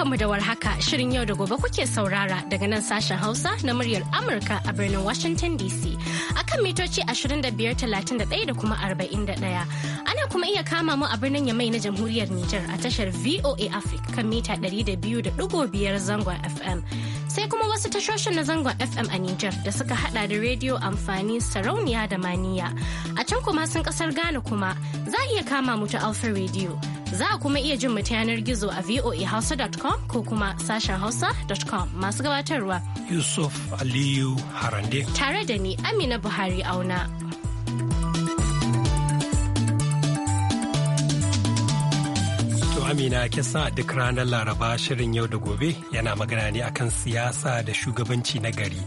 barkanmu da warhaka shirin yau da gobe kuke saurara daga nan sashen Hausa na muryar Amurka a birnin Washington DC akan mitoci 2531 da kuma 41. Ana kuma iya kama mu a birnin Yamai na Jamhuriyar Nijar a tashar VOA Africa kan mita 200.5 zangon FM. sai kuma wasu tashoshin na zangon FM a niger da suka hada da rediyo amfani sarauniya da maniya. A can kuma sun kasar Ghana kuma za a iya kama mu ta Alpha Radio. Za a kuma iya jin mu yanar gizo a voahausa.com ko kuma sashen hausa.com masu gabatarwa. Yusuf Aliyu Harande. Tare da ni Amina Buhari Auna. Amina kisa duk ranar Laraba shirin yau da gobe yana magana ne akan siyasa da shugabanci na gari.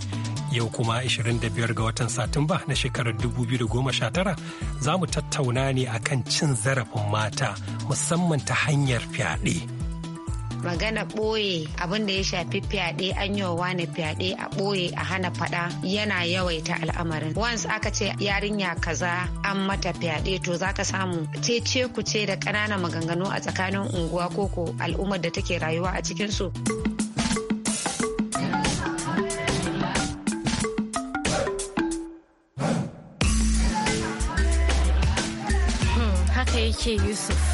Yau kuma 25 ga watan Satumba na shekarar 2019 za mu tattauna ne akan cin zarafin mata musamman ta hanyar fyaɗe. magana ɓoye abin da ya shafi fyaɗe an yi wa fyaɗe a ɓoye a hana faɗa yana yawaita al'amarin once aka ce yarinya kaza an mata fyaɗe to zaka samu ce ku ce da ƙananan maganganu a tsakanin unguwa ko koko al'ummar da take rayuwa a cikinsu. Hmm, yake Yusuf.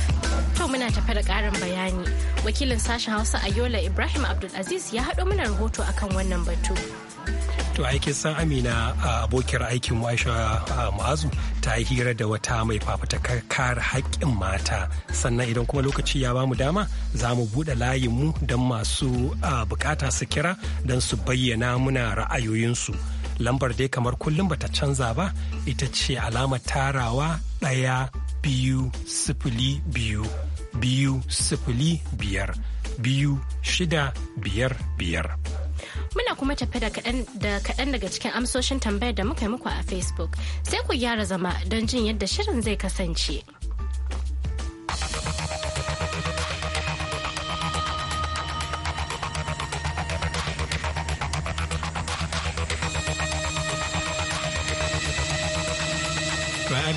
muna tafe da ƙarin bayani. Wakilin sashen Hausa a Yola Ibrahim Abdulaziz ya haɗo mana rahoto akan wannan batu. To aikin san Amina a abokiyar aikin Aisha Mu'azu ta yi hira da wata mai fafatakar kare haƙƙin mata. Sannan idan kuma lokaci ya bamu dama za mu buɗe layinmu don masu bukata su kira don su bayyana muna ra'ayoyinsu. Lambar dai kamar kullum bata canza ba ita ce alamar tarawa ɗaya biyu sifili biyu biyu sifili biyar biyu shida biyar biyar. Muna kuma tafe da kaɗan daga cikin amsoshin tambayar da muka yi muku a Facebook sai ku gyara zama don jin yadda shirin zai kasance.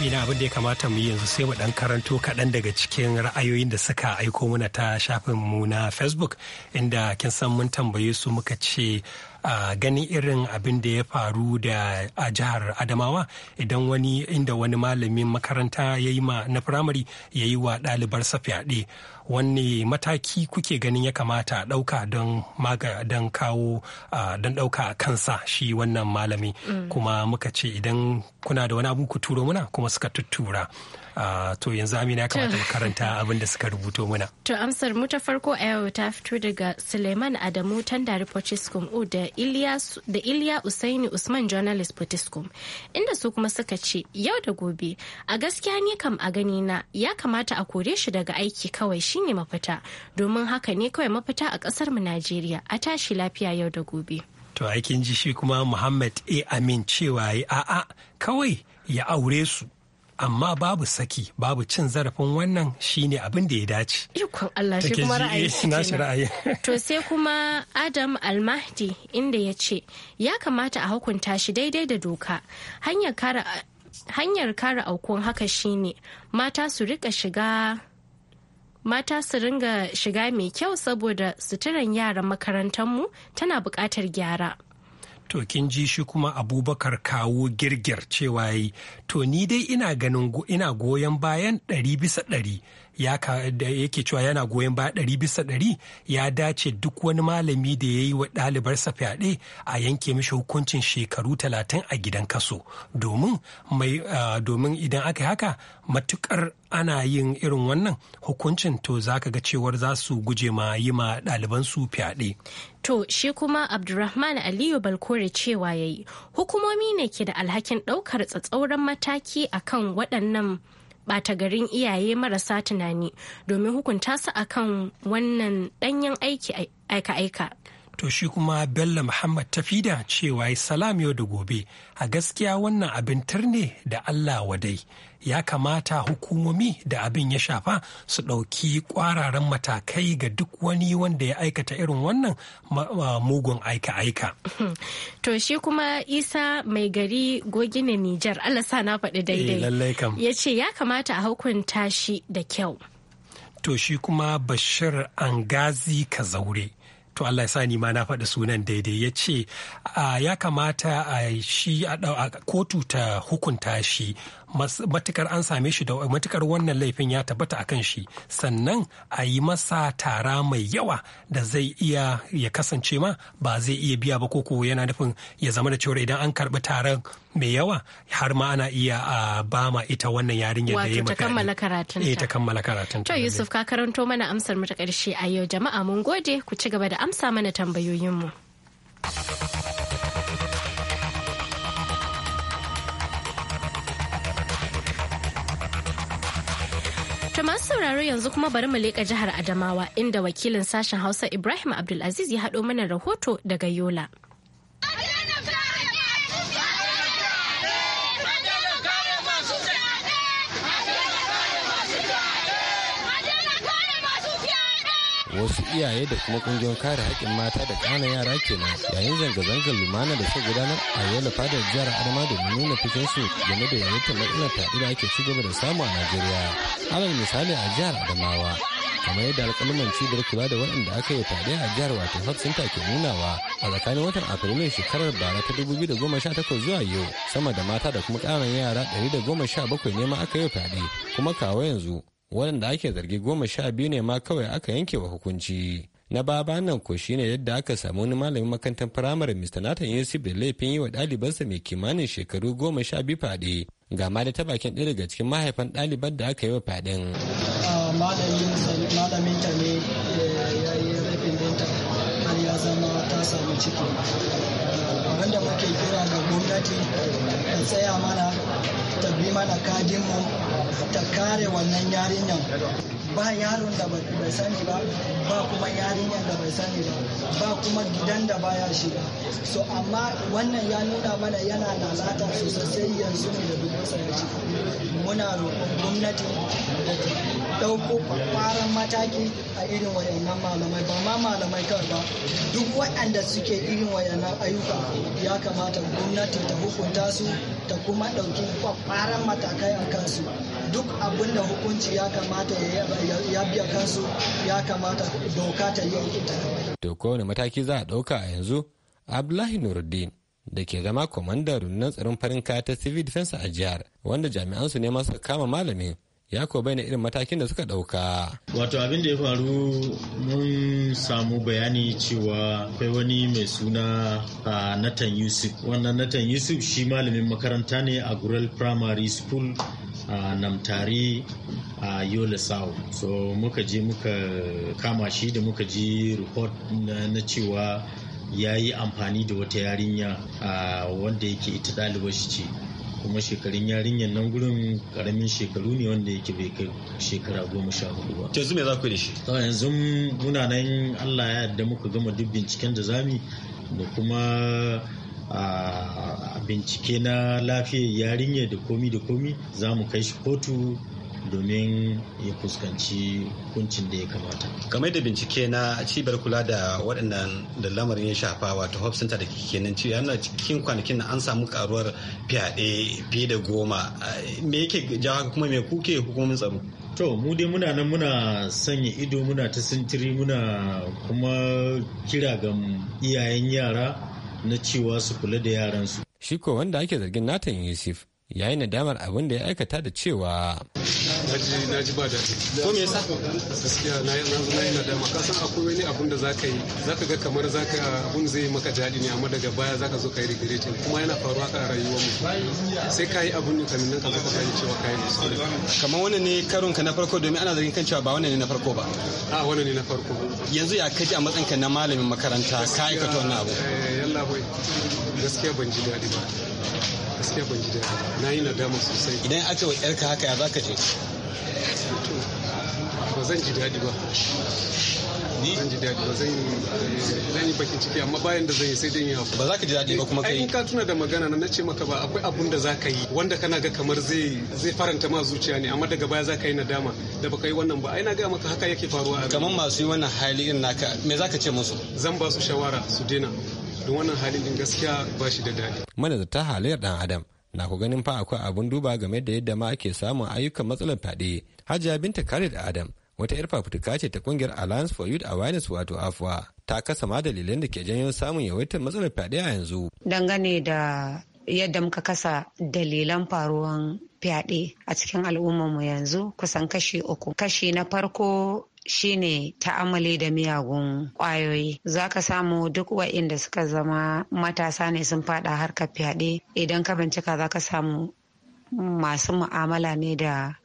amina abin da ya kamata mu yanzu sai mu dan karanto kaɗan daga cikin ra'ayoyin da suka aiko mana ta shafin mu na facebook inda kin san mun tambaye su muka ce a ganin irin abin da ya faru da a jihar adamawa idan wani inda wani malamin makaranta ya yi ma na firamare ya yi wa ɗalibarsa fyaɗe wanne mataki kuke ganin ya kamata a ɗauka don maga don kawo don ɗauka a kansa shi wannan malami mm. kuma muka ce idan kuna da wani abu ku turo muna kuma suka tuttura to yanzu amina ya kamata mu karanta abin da suka rubuto mana. To amsar mu ta farko a yau ta fito daga Suleiman Adamu Tandari Pochiskum U da da Iliya Usaini Usman Journalist Potiskum, inda su kuma suka ce yau da gobe a gaskiya ne kam a gani na ya kamata a kore shi daga aiki kawai shine mafita domin haka ne kawai mafita a ƙasar mu Najeriya a tashi lafiya yau da gobe. To aikin ji shi kuma Muhammad A. Amin cewa a'a kawai ya aure su. amma babu saki babu cin zarafin wannan shine abin da ya dace ikon Allah shi kuma eh, ra'ayi to sai kuma Adam Almahdi inda ya ce ya kamata a hukunta shi daidai da doka hanyar kare hanyar kare aukon haka shine mata su rika shiga mata su ringa shiga mai kyau saboda suturan yaran makarantar mu tana buƙatar gyara to kin ji shi kuma abubakar kawo girgir cewa yi to ni dai ina ganin ina goyon bayan ɗari bisa ɗari da yake cewa yana goyon bayan ɗari bisa ɗari ya dace duk wani malami da ya yi wa ɗalibarsa fyaɗe a yanke mishi hukuncin shekaru talatin a gidan kaso domin idan aka yi haka matukar ana yin irin wannan hukuncin to za ka ga cewar za su guje ma yi ma ɗalibansu fyaɗe. To shi kuma Abdurrahman Aliyu Balkore cewa ya yi hukumomi ne ke da alhakin ɗaukar tsatsauran mataki a kan waɗannan ɓata garin iyaye marasa tunani domin hukunta su kan wannan ɗanyen aiki aika-aika. to shi kuma bello muhammad tafida cewa ya salam yau da gobe a gaskiya wannan abin turne da allah wadai ya kamata hukumomi da abin ya shafa su ɗauki ƙwararan matakai ga duk wani wanda ya aikata irin wannan mugun aika-aika. to shi kuma isa mai gari gogina nijar allah sa na faɗi daidai eh, ya ce ya kamata a hukunta shi da kyau to shi kuma bashir angazi zaure to Allah ya sa ni ma na faɗi sunan daidai ya ce ah, ya kamata a shi a kotu ta hukunta shi matukar an same shi da matukar wannan laifin ya tabbata a kan shi sannan a yi masa tara mai yawa da zai iya ya kasance ma ba zai iya biya ba koko yana nufin ya zama da cewa idan an karbi taron mai yawa har ma ana iya a ba ma ita wannan yarinyar da ya Wato eh, ta kammala karatun ta kammala to Yusuf ka karanto mana amsar mu ta karshe a yau jama'a mun gode ku ci gaba da amsa mana tambayoyin mu To masu sauraro yanzu kuma bari mu leƙa jihar Adamawa inda wakilin sashen Hausa Ibrahim Abdulaziz ya haɗo mana rahoto daga Yola. wasu iyaye da kuma kungiyoyin kare haƙƙin mata da ƙananan yara kenan yayin zanga-zangar lumana da ta gudanar a yalla fadar jihar adama domin nuna su game da yayyatar matsalar taɗi da ake ci gaba da samu a najeriya alal misali a jihar adamawa kamar yadda alƙaluman cibiyar kula da waɗanda aka yi fyaɗe a jihar wato sinta ke nunawa a tsakanin watan afrilun shekarar bara ta dubu biyu da takwas zuwa yau sama da mata da kuma ƙananan yara ɗari da goma sha bakwai ne ma aka yi fyaɗe kuma kawo yanzu waɗanda ake zargi goma sha biyu ne ma kawai aka yanke wa hukunci na baba nan ko shine yadda aka samu wani malamin makarantar firamare mr nathan yusuf da laifin yi wa ɗalibansa mai kimanin shekaru goma sha biyu fade ga ma da ta bakin ɗaya daga cikin mahaifan ɗaliban da aka yi wa faɗin. Ah, malamin ne eh, ya yi rafin har ya zama ta samu ciki da muke kira ga gwamnati ta tsaya mana ta bi mana kadinmu ta kare wannan yarinyan ba yaron da bai sani ba ba kuma yarinyar da bai sani ba ba kuma gidan da baya shiga so amma wannan ya nuna mana yana lalata sosai yanzu ne da duk ya ci muna roƙon gwamnati da ɗauko ƙwaƙwaran mataki a irin wayannan malamai ba ma malamai kawai ba duk waɗanda suke irin wayannan ayyuka ya kamata gwamnati ta hukunta su ta kuma ɗauki ƙwaƙwaran matakai a kansu duk abin da hukunci ya kamata ya biya kansu ya kamata doka ta yi ita. To kowane mataki za a ɗauka a yanzu Abdullahi Nuruddin da ke zama kwamandan rundunar tsaron farin kaya ta civil defense a jihar wanda jami'an su ne masu kama malamin ya kuwa bayyana irin matakin da suka ɗauka. Wato abin da ya faru mun samu bayani cewa akwai wani mai suna a Natan Yusuf. Wannan Natan Yusuf shi malamin makaranta ne a Gural Primary School a Namtare a Yola Sau. So muka je muka kama shi da muka ji report na cewa ya yi amfani da wata yarinya wanda yake ita ɗalibar shi ce. kuma shekarun yarinyar nan gurin karamin shekaru ne wanda yake bai kai shekara goma sha hudu ba. yanzu me za ku da shi? yanzu muna nan Allah ya yarda muka gama duk binciken da zami da kuma a bincike na lafiyar yarinya da komi da komi zamu kai shi kotu domin ya fuskanci hukuncin da ya kamata game da bincike na cibiyar kula da waɗannan da lamarin ya shafa wato hope center da ke nan ciwo yana cikin kwanakin na an samu karuwar fyaɗe fiye da goma me yake jawo kuma me kuke hukumomin tsaro to mu dai muna nan muna sanya ido muna ta sintiri muna kuma kira ga iyayen yara na cewa su kula da yaransu shi ko wanda ake zargin natan yusuf ya yi nadamar abin da ya aikata da cewa na ji ba daɗi ko me yasa gaskiya na yi na dama ka san akwai wani abin da zaka yi zaka ga kamar zaka abin zai maka daɗi ne amma daga baya zaka zo kai regretting kuma yana faruwa ka rayuwar mu sai kai abin ne kamin nan ka zaka gane cewa kai ne kamar wannan ne karon ka na farko domin ana zargin kan cewa ba wannan ne na farko ba a wannan ne na farko yanzu ya kaji a matsayin ka na malamin makaranta ka aikata wannan abu eh, yalla bai gaskiya ban ji daɗi ba gaskiya ban ji daɗi na yi nadama sosai idan aka wa yarka haka ya zaka je ba zan ji daɗi ba zan ji daɗi ba zan yi eh, bakin ciki amma bayan da zan yi sai dai yi ba za ka ji daɗi ba kuma kai in ka tuna da magana na ce maka ba akwai abun da za ka yi wanda kana ga kamar zai zai faranta ma zuciya ne amma daga baya za ka yi nadama da baka yi wannan ba ai na ga maka haka yake faruwa kamar masu yi wannan hali in naka me za ka ce musu zan ba su shawara su dena. don wannan halin din gaskiya ba shi da daɗi. manazarta halayyar ɗan adam na ku ganin fa akwai abun duba game da yadda ma ake samun ayyukan matsalar fyaɗe hajiya binta khalid adam wata yar fafutuka ce ta kungiyar alliance for youth awareness wato Afwa. ta kasa ma dalilan da ke janyo samun yawaitar matsalar fyaɗe a yanzu dangane da yadda muka kasa dalilan faruwan fyaɗe a cikin al'ummarmu yanzu kusan kashi uku kashi na farko shine ta'amali da miyagun kwayoyi za ka samu duk wa'inda suka zama matasa ne sun fada harkar fyaɗe idan ka bincika za ka samu masu mu'amala ne da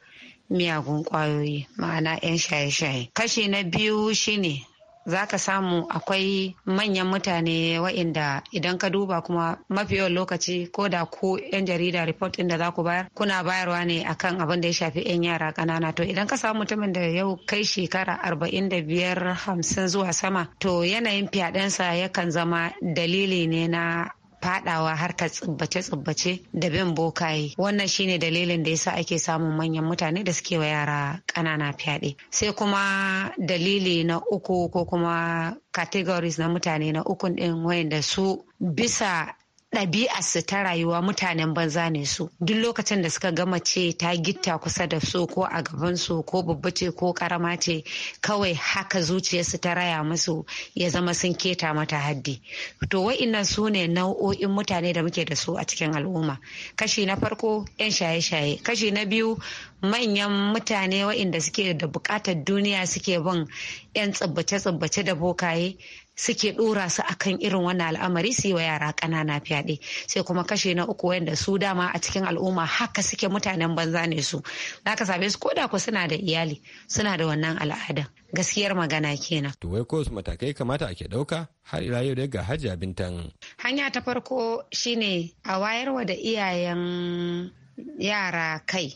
miyagun kwayoyi ma'ana 'yan shaye-shaye kashi na biyu shine za ka samu akwai manyan mutane wa'inda idan ka duba kuma mafi yawan lokaci ko da ku 'yan jarida report ɗin da za ku bayar kuna bayarwa ne akan abin da ya shafi 'yan yara kanana to idan ka samu mutumin da yau kai shekara arba'in da biyar hamsin zuwa sama to yanayin fyaɗensa yakan zama dalili ne na fadawa harkar tsibbace-tsibbace da bin bokaye wannan shine dalilin da yasa ake samun manyan mutane da suke wa yara ƙanana fyaɗe sai kuma dalili na uku ko kuma categories na mutane na ukun ɗin wayanda su bisa su ta rayuwa mutanen banza ne su duk lokacin da suka gama ce ta gitta kusa da su ko a gaban su ko babba ce ko karama ce kawai haka zuciyarsu ta raya musu ya zama sun keta mata haddi to wa'innan su ne nau'o'in mutane da muke da su a cikin al'umma kashi na farko 'yan shaye-shaye kashi na biyu manyan mutane wa'inda suke da bukatar duniya suke bin 'yan tsibbace-tsibbace da bokaye suke dora su akan irin wannan al'amari su yi wa yara ƙanana fyaɗe sai kuma kashe na uku wanda su dama a cikin al'umma haka suke mutanen banza ne su zaka same su koda ku suna da iyali suna da wannan al'ada gaskiyar magana kenan to wai ko matakai kamata ake ɗauka har ila yau daga hajiya bintan hanya ta farko shine a wayarwa da iyayen yara kai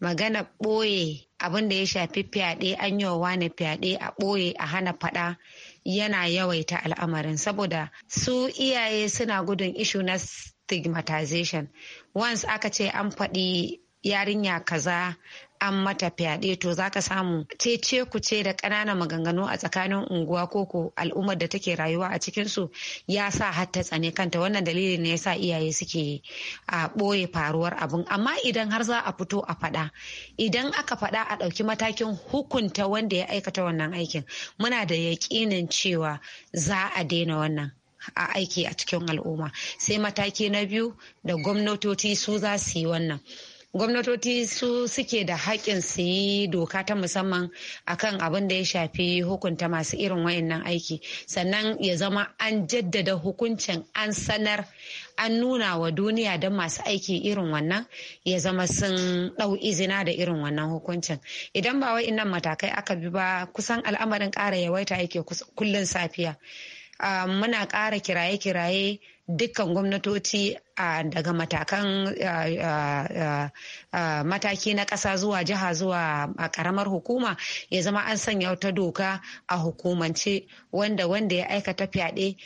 magana ɓoye abin da ya shafi fyaɗe an yi wa wane fyaɗe a ɓoye a hana faɗa yana yawaita al'amarin saboda su iyaye suna gudun ishu na stigmatization once aka ce an faɗi yarinya kaza an mata fyaɗe to zaka samu cece ku ce da ƙananan maganganu a tsakanin unguwa ko ko al'ummar da take rayuwa a cikin su ya sa har ta tsane kanta wannan dalili ne ya sa iyaye suke a ɓoye faruwar abin amma idan har za a fito a faɗa idan aka faɗa a ɗauki matakin hukunta wanda ya aikata wannan aikin muna da yaƙinin cewa za a daina wannan a aiki a cikin al'umma sai mataki na biyu da gwamnatoci su za su yi wannan gwamnatoci su suke da haƙƙin su yi doka ta musamman akan abin da ya shafi hukunta masu irin wayannan aiki sannan ya zama an jaddada hukuncin an sanar an nuna wa duniya don masu aiki irin wannan ya zama sun ɗau izina da irin wannan hukuncin idan ba wa'innan matakai aka bi ba kusan al'amarin ƙara yawaita yake kullum safiya ah, muna ƙara kiraye-kiraye dukkan gwamnatoci daga matakan mataki na ƙasa zuwa jiha zuwa a ƙaramar hukuma ya zama an sanya wata doka a hukumance wanda wanda ya aikata fyaɗe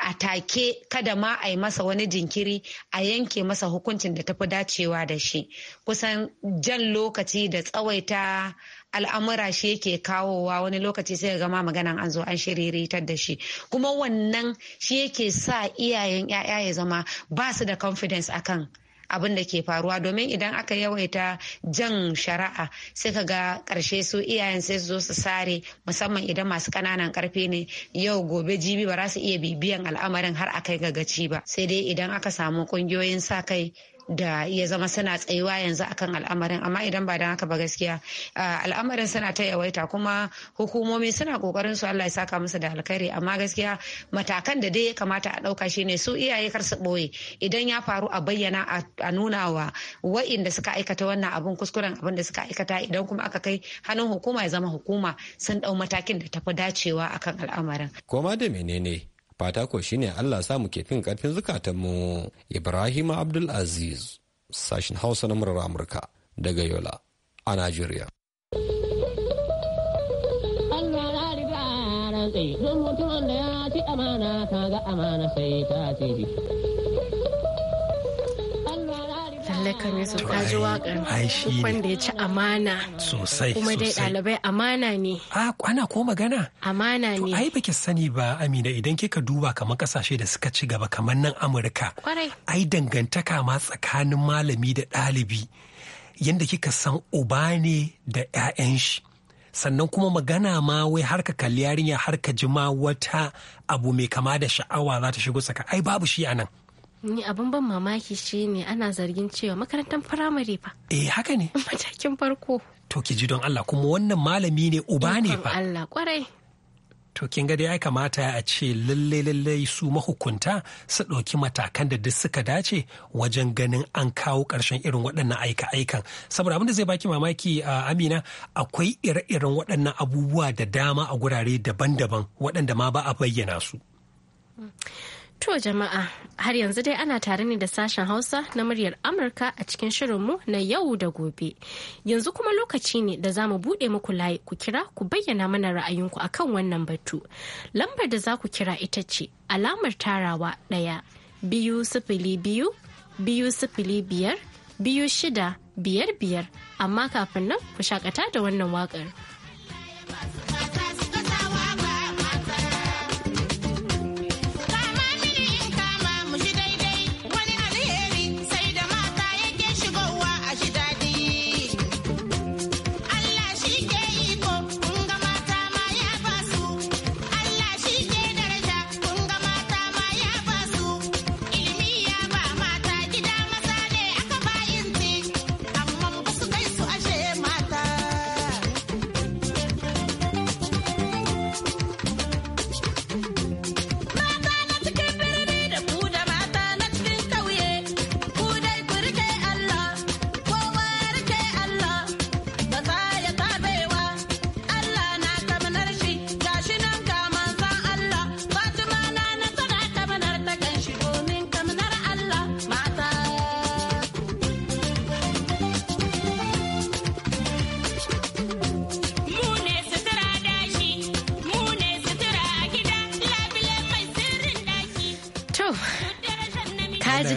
a take kada ma a yi masa wani jinkiri a yanke masa hukuncin da tafi dacewa da shi kusan jan lokaci da tsawaita al'amura shi yake kawowa wani lokaci sai ga maganan an zo an shiriritar da shi kuma wannan shi yake sa iyayen 'ya'ya ya zama ba su da confidence akan abin da ke faruwa domin idan aka yawaita jan shari'a sai ka ga karshe su iyayen sai su zo su sare musamman idan masu kananan karfi ne yau gobe jibi ba za su iya bibiyan al'amarin har a kai ga gaci ba sai dai idan aka samu ƙungiyoyin sa kai da ya zama suna tsayuwa yanzu akan al'amarin amma idan ba don haka ba gaskiya al'amarin suna ta yawaita kuma hukumomi suna kokarin su Allah ya saka musu da alkhairi amma gaskiya matakan da dai ya kamata a dauka shine su iyaye kar su boye idan ya faru a bayyana a nuna wa wa'inda suka aikata wannan abun kuskuren abin da suka aikata idan kuma aka kai hannun hukuma ya zama hukuma sun dau matakin da tafi dacewa akan al'amarin koma da menene fata ko shine Allah samu ke fin karfin zukatanmu Ibrahim Abdul Aziz sashin Hausa na murar Amurka daga Yola a Najeriya Allah ya riga ya sai mutum mutum da ya ci amana ga amana sai ta ce Alakan Yusuf ka ji waƙar wanda ya ci amana. Sosai Kuma dai dalibai amana ne. A ana ko magana? Amana ne. To ai baki sani ba Amina idan kika duba kamar kasashe da suka ci gaba kamar nan Amurka. Kwarai. Ai dangantaka ma tsakanin malami da ɗalibi. yadda kika san uba ne da 'ya'yan shi. sannan kuma magana ma wai har ka kalli yarinya har ka ji wata abu mai kama da sha'awa za ta shigo saka. ai babu shi anan. nan ni abin ban mamaki shine ana zargin cewa makarantar firamare fa eh haka ne matakin farko to ki ji don Allah kuma wannan malami ne uba ne fa Allah kwarai to kin ga dai ya kamata a ce lalle lalle su mahukunta su ɗauki matakan da duk suka dace wajen ganin an kawo ƙarshen irin waɗannan aika aikan saboda abin zai baki mamaki a amina akwai ire-iren waɗannan abubuwa da dama a gurare daban-daban waɗanda ma ba a bayyana su mm. To jama'a har yanzu dai ana tare ne da sashen Hausa na muryar Amurka a cikin shirinmu na yau da gobe. Yanzu kuma lokaci ne da za mu buɗe muku layi ku kira ku bayyana mana ra'ayinku a kan wannan batu. Lambar da za ku kira ita ce alamar tarawa ɗaya biyu sifili biyu biyu sifili biyar biyu shida biyar biyar amma kafin nan ku shakata da wannan waƙar.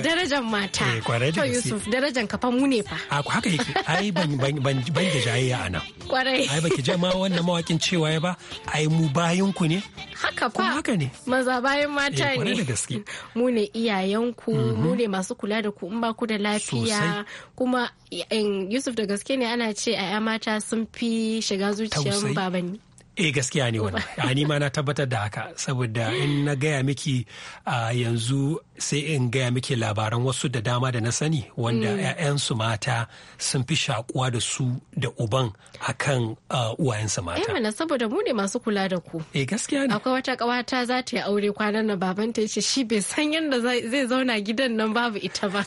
darajar mata. Eh, kwarai To Yusuf darajar ka fa mu ne fa. A ku haka yake ai ban ban da jayayya a nan. Kwarai. Ai baki ma wannan mawakin cewa ya ba ai mu bayan ku ne. Haka fa. haka ne. Maza bayan mata eh, ne. Kwarai da gaske. Mu ne iyayenku mu mhm. ne masu kula da ku in ba ku da lafiya. Kuma Yusuf da gaske ne ana ce 'ya'ya mata sun fi shiga zuciyar babanni. eh gaskiya ne wannan ah, ni ma na tabbatar da haka saboda in na gaya miki a ah, yanzu sai in gaya miki labaran wasu da dama da na sani wanda 'ya'yansu mm. mata sun fi shakuwa da su da uban akan ah, uwayensu mata eh mana saboda mu ne masu kula da ku eh gaskiya ne akwai wata kawata za ta yi aure kwanan nan babanta ta ce shi bai san yadda zai zauna gidan nan babu ita ba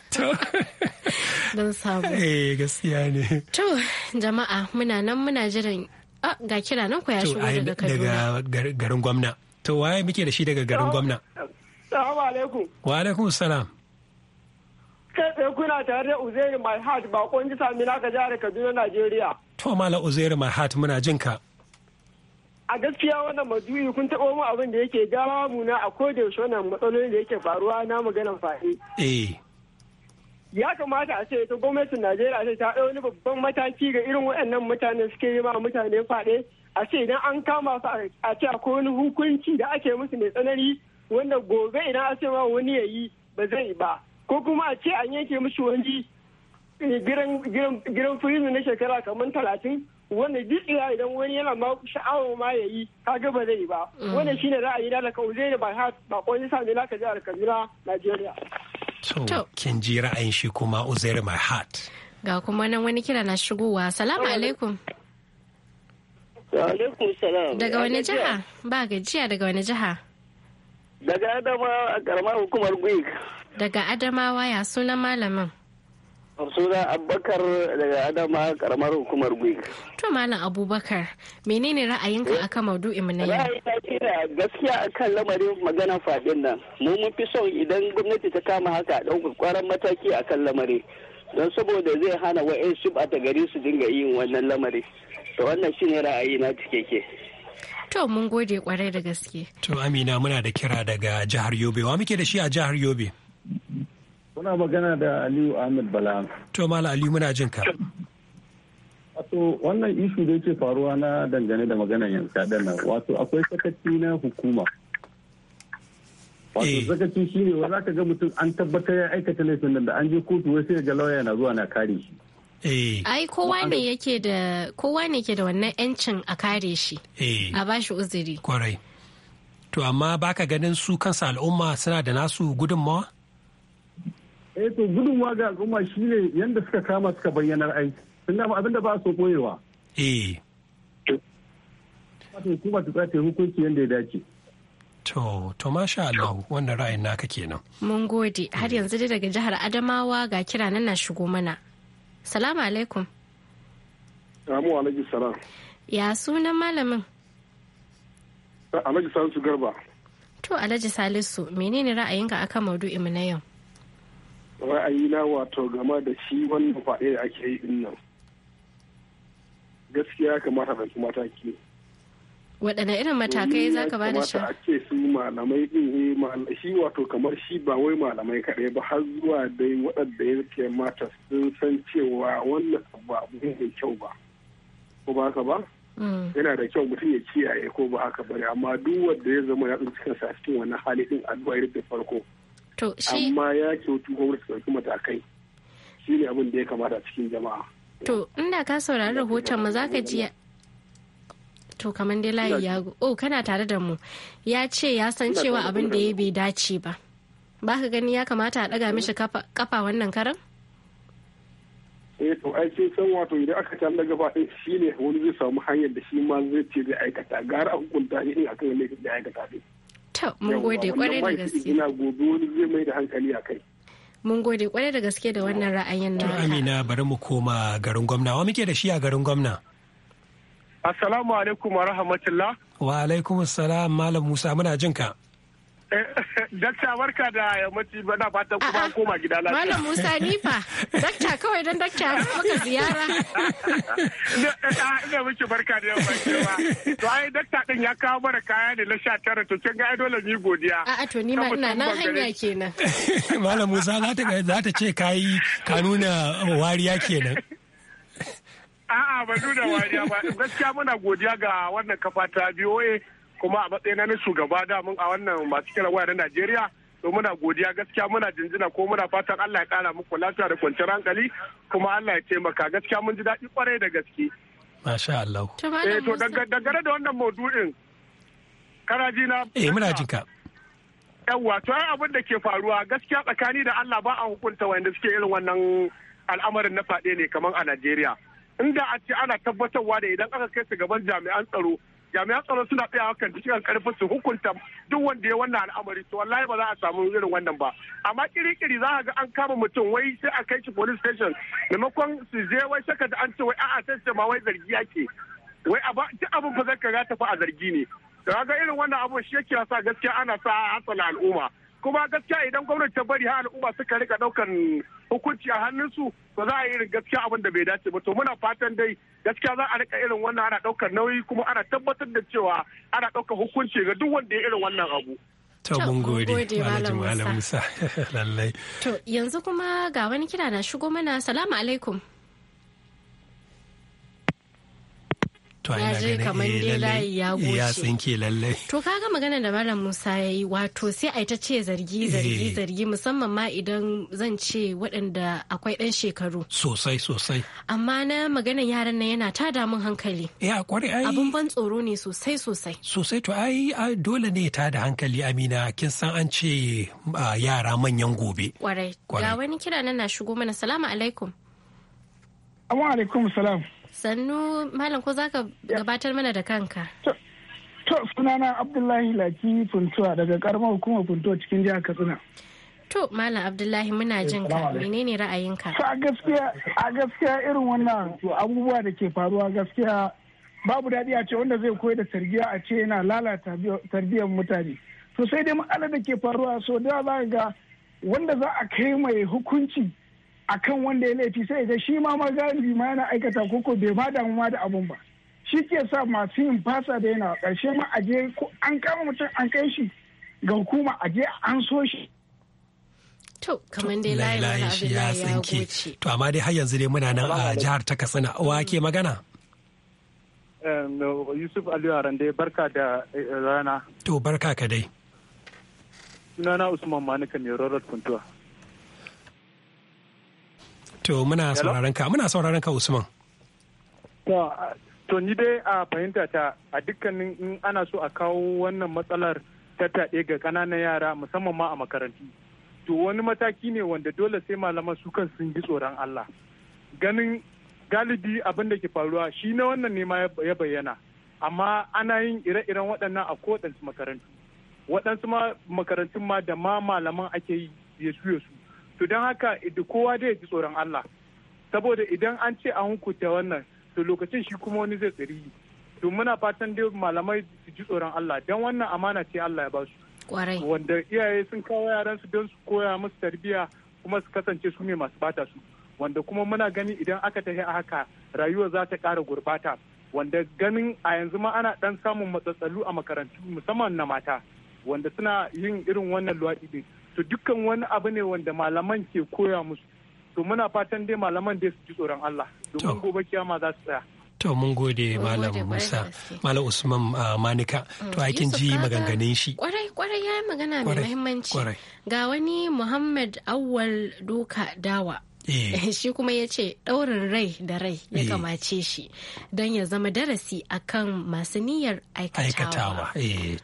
don samu eh gaskiya ne to jama'a muna nan muna jiran ga kira nan ku ya shigo daga Kaduna. Daga garin gwamna. To waye muke da shi daga garin gwamna? Salamu alaikum. Wa alaikum salam. Kai tsaye kuna tare da Uzairi My Heart bakon ji sami naka jihar Kaduna Najeriya. To mala Uzairi My Heart muna jin ka. A gaskiya wannan majuyi kun taɓa mu abin da yake gawa mu na a koda yaushe wannan matsalolin da yake faruwa na maganan faɗi. Eh. ya kamata a ce ta gwamnatin najeriya ce ta ɗau wani babban mataki ga irin waɗannan mutane suke yi ma mutane faɗe a ce idan an kama su a ce akwai wani hukunci da ake musu mai tsanani wanda gobe idan a ce ma wani ya yi ba zai yi ba ko kuma a ce an yanke musu wani eh, giran firimi na shekara kamar talatin wanda duk ya idan wani yana ma sha'awa ma ya yi kaga ba zai yi ba mm. wanda shine ra'ayi na da kauzai da ba ba kwani sami laka jihar kaduna najeriya To, kin ji ra'ayin shi kuma Uzair My Heart. Ga kuma nan wani kira na shigowa. Salamu alaikum. Daga wani jiha? Ba gajiya daga wani jiha? Daga Adamawa a karamar hukumar Gwig. Daga Adamawa ya sunan malamin. suna abubakar daga adama karamar hukumar gwig to malam abubakar menene ra'ayinka eh? a kan maudu'in mu na yau ra'ayina gaskiya a kan lamarin magana fadin nan mu mun fi son idan gwamnati ta kama haka a ɗaukar kwaran mataki a kan lamari don saboda zai hana wa'in su ta gari su dinga yin wannan lamari to wannan shine ra'ayina cikakke to mun gode kwarai da gaske to amina muna da kira daga jihar yobe wa muke da shi a jihar yobe Kuna magana da Aliyu Ahmed Bala. To Mala Aliyu muna jin ka. Wato wannan ishu da yake faruwa na dangane da maganar yanka ɗan nan wato akwai sakaci na hukuma. Wato eh. sakaci shi ne wani aka ga mutum an tabbatar ya aikata laifin nan da an je kotu wai sai ga lauya na zuwa na kare shi. Eh. Ai kowa ne yake da kowa ne ke da wannan yancin a kare shi. Eh. A bashi uzuri. Kwarai. To amma baka ganin su kansa al'umma suna da nasu gudunmawa? eh to gudun ga al'umma shine yanda suka kama suka bayyanar ai sun dama abin da ba so koyewa eh to kuma ta tsaye hukunci yanda ya dace To, to masha Allah wannan ra'ayin naka kenan. Mun gode, har yanzu dai daga jihar Adamawa ga kira nan na shigo mana. Salamu alaikum. Salamu alaikum salam. Ya sunan malamin? Alhaji Salisu Garba. To Alhaji Salisu, menene ra'ayinka akan mu na yau? ra'ayina wato game da shi wannan faɗe da ake yi din nan gaskiya kamata ɗauki mataki waɗanne irin matakai za ka ba da shi a ce su malamai din eh, shi wato kamar shi ba wai malamai kaɗai ba har zuwa dai waɗanda ya ke mata sun san cewa wannan ba abu mai kyau ba ko ba haka ba mm. yana da kyau mutum ya kiyaye ko ba haka bane amma duk wanda ya zama ya tsinci kansa cikin wannan hali din addu'a da farko amma ya kyautu gwamnati su ɗauki matakai shi ne abin da ya kamata a cikin jama'a to inda ka saurari rahoton mu za ka ji to kamar dai layi ya oh kana tare da mu ya ce ya san cewa abin da ya bai dace ba ba ka gani ya kamata a daga mishi kafa wannan karan eh to ai sai san wato idan aka ta daga ba shi ne wani zai samu hanyar da shi ma zai ce zai aikata gara a hukunta ne in akan laifin da aikata ne. ta mun gode kwarai da gaske. Ina gobe zai mai da hankali a kai. Mun gode kwarai da gaske da wannan ra'ayin na. Amina bari mu koma garin gwamna. Wa muke da shi a garin gwamna? Assalamu alaikum wa rahmatullah. Wa alaikum assalam Malam Musa muna jinka. Eh, dakta barka da yammaci bana fata kuma koma gida lafiya. Malam Musa Nifa, dakta kawai don dakta ya maka ziyara. Eh, eh, ah, ina miki barka da yammaci To ai dakta din ya kawo mana kaya ne na sha tara to kin ga ai dole ni godiya. A'a to ni ma ina nan hanya kenan. Malam Musa za ta ce kayi ka nuna wariya kenan. A'a ba nuna wariya ba gaskiya muna godiya ga wannan kafa ta biyo kuma a matsayina na shugaba da mun a wannan masu kira waya na Najeriya to muna godiya gaskiya muna jinjina ko muna fatan Allah ya kara muku lafiya da kwanciyar hankali kuma Allah ya taimaka gaskiya mun ji daɗi kwarai da gaske. Masha Allah. Eh to dangane da wannan maudu'in karaji na. Eh muna jinka. Yawwa to ai abin da ke faruwa gaskiya tsakani da Allah ba a hukunta wanda suke irin wannan al'amarin na faɗe ne kamar a Najeriya. Inda a ce ana tabbatarwa da idan aka kai su gaban jami'an tsaro jami'an tsaro suna tsayawa kan cikin karfin su hukunta duk wanda ya wannan al'amari to wallahi ba za a samu irin wannan ba amma kiri-kiri za a ga an kama mutum wai sai a kai shi police station maimakon su je wai saka da an ce wai a'a sai ma wai zargi yake wai a duk abin ba zaka ga tafi a zargi ne da ga irin wannan abu shi yake sa gaskiya ana sa a hasala al'umma kuma gaskiya idan gwamnati ta bari har al'umma suka rika daukan hukunci a hannunsu ba za a yi gaskiya abin da bai dace ba to muna fatan dai gaskiya za a rika irin wannan ana daukar nauyi kuma ana tabbatar da cewa ana daukar hukunci ga duk wanda ya irin wannan abu To mun gode Malam Musa lallai. To yanzu kuma ga wani kira na shigo mana salamu alaikum. to ina ganin kamar ya goce ya tsinke lallai to kaga magana da malam Musa yayi wato sai a ta ce zargi eh. zargi zargi musamman ma idan zan ce waɗanda akwai ɗan shekaru sosai sosai amma na maganan yaran nan yana ta damun hankali ya eh, kware ai abun ban tsoro ne sosai sosai sosai to ai dole ne ta da hankali Amina kin san an ce yara manyan gobe kwarai ga wani kira nan na shigo mana salamu alaikum Amma alaikum salam. sannu malam ko zaka gabatar mana da kanka to sunana abdullahi laki funtuwa daga karamar hukumar funtuwa cikin jihar katsina to malam abdullahi muna eh, jin ka menene ra'ayinka a gaskiya a gaskiya irin wannan abubuwa da ke faruwa gaskiya babu daɗi a ce wanda zai koyar da tarbiya a ce yana lalata tarbiyyar mutane to sai dai matsalar da ke faruwa so da za ga wanda za a kai mai hukunci akan wanda ya laifi sai ga shi ma magani ma yana aikata koko bai ma damu ma da abun ba shi ke sa masu yin fasa da yana karshe ma aje ko an kama mutum an kai shi ga hukuma aje an so shi to kamar dai layin shi ya tsinke to amma dai har yanzu dai muna nan a jihar ta katsina wa ke magana um, Yusuf Aliyu Arande barka da eh, rana. To barka ka dai. Sunana Usman Manika ne Rorot Kuntuwa. To muna sauraron ka, muna sauraron ka Usman. To ni dai a fahimta ta a dukkanin in ana so a kawo wannan matsalar tattaɗe ga kananan yara musamman ma a makaranti. To wani mataki ne wanda dole sai malaman su kan sun ji tsoron Allah. Ganin galibi abin da ke faruwa shi na wannan ne ma ya bayyana. Amma ana yin ire-iren waɗannan a kowaɗansu makarantu. Waɗansu ma makarantun ma da ma malaman ake yi su. to don haka kowa ya ji tsoron Allah saboda idan an ce an hukunta wannan to lokacin shi kuma wani zai tsiri to muna fatan dai malamai su ji tsoron Allah don wannan amana ce Allah ya ba su wanda iyaye sun kawo yaran su don su koya musu tarbiyya kuma su kasance su ne masu bata su wanda kuma muna gani idan aka tafi a haka rayuwa za ta ƙara gurbata wanda ganin a yanzu ma ana dan samun matsatsalu a makarantu musamman na mata wanda suna yin irin wannan luwaɗi to dukkan wani abu ne wanda malaman ke koya musu to muna fatan dai malaman dai su ji tsoron Allah domin gobe kiyama za su tsaya To mun gode Malam Musa, Malam Usman uh, Manika, to mm, aikin ji maganganun shi. Kwarai kwarai ya magana mai muhimmanci. Ga wani Muhammad Awwal Doka Dawa Eh. Eh, shi kuma ya ce ɗaurin rai da rai ya eh. kamace shi don ya zama darasi akan masu niyyar aikatawa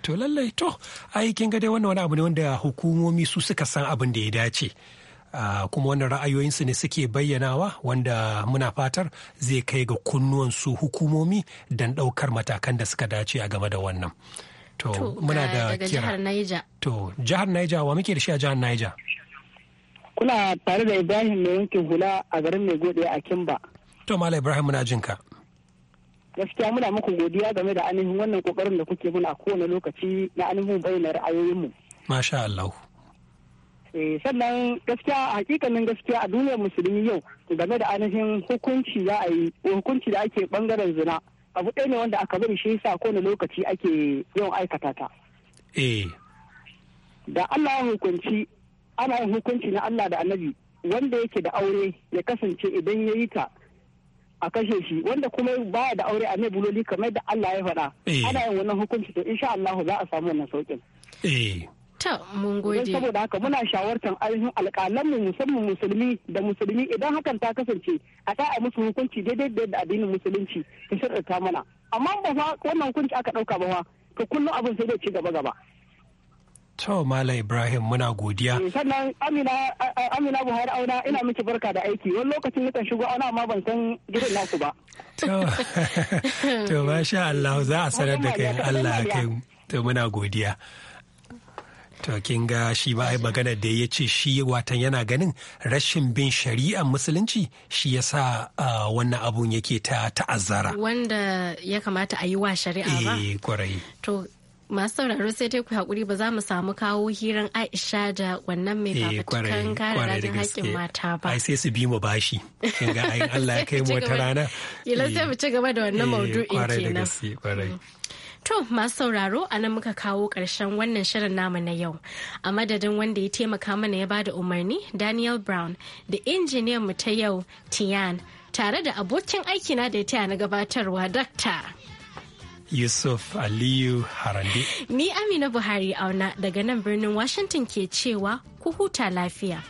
to lallai to aikin ga wannan wani abu ne wanda hukumomi su suka san abin da ya dace Uh, kuma wannan ra'ayoyinsu ne suke bayyanawa wanda muna fatar zai kai ga kunnuwansu hukumomi don ɗaukar matakan da suka dace a game da wannan. To, muna da kira. Jihar Niger. To, jihar Niger wa muke da shi a jihar Niger? kuna tare da ibrahim mai yankin hula a garin mai gode a kimba to malam ibrahim muna jinka gaskiya muna muku godiya game da ainihin wannan kokarin da kuke muna a kowane lokaci na ainihin bayyana ra'ayoyinmu masha allah eh, sannan gaskiya a hakikanin gaskiya a duniyar musulmi yau game da ainihin hukunci za a yi hukunci da ake bangaren zina abu ɗaya ne wanda aka bari shi yasa kowane lokaci ake yawan aikata ta eh. da Allah ya hukunci ana yin hukunci na Allah da annabi wanda yake da aure ya kasance idan ya yi ta a kashe shi wanda kuma baya da aure a nebuloli kamar da Allah ya faɗa eh. ana yin wannan hukunci to insha Allah za a samu wannan saukin. Eh. Ta mun gode. saboda haka muna shawartar ainihin alƙalanmu musamman musulmi da musulmi idan hakan ta kasance a ta a musu hukunci daidai da yadda addinin musulunci ta shirɗa mana amma ba fa wannan hukunci aka ɗauka ba ka kullum abin sai zai ci gaba gaba. To Mala Ibrahim muna godiya. Eh, sannan Amina Amina Buhari auna ina miki barka da aiki wani lokacin nukan shigo auna ma ban san gidan nasu ba. To masha Allah za a sanar da kai Allah kai to muna godiya. To kin ga shi ba ai magana da ya ce shi watan yana ganin rashin bin shari'a musulunci shi ya sa wannan abun yake ta ta'azzara. Wanda ya kamata a yi wa shari'a ba? Eh, To masu sauraro sai dai ku haƙuri ba za mu samu kawo hiran aisha da wannan mai eh, fafutukan kare rajin haƙƙin mata ba ai sai su bi mu bashi kin ga Allah ya kai mu wata rana ila sai mu ci gaba da wannan eh, maudu'in kenan mm. To masu sauraro a nan muka kawo ƙarshen wannan shirin namu na yau. A madadin wanda ya taimaka mana ya bada umarni Daniel Brown da injiniyan mu ta yau Tian tare da abokin aikina da ya taya na gabatarwa Dr. Yusuf Aliyu Harande. Ni Amina Buhari auna daga nan birnin Washington ke cewa ku huta lafiya.